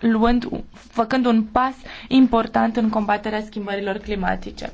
luând, făcând un pas important în combaterea schimbărilor climatice.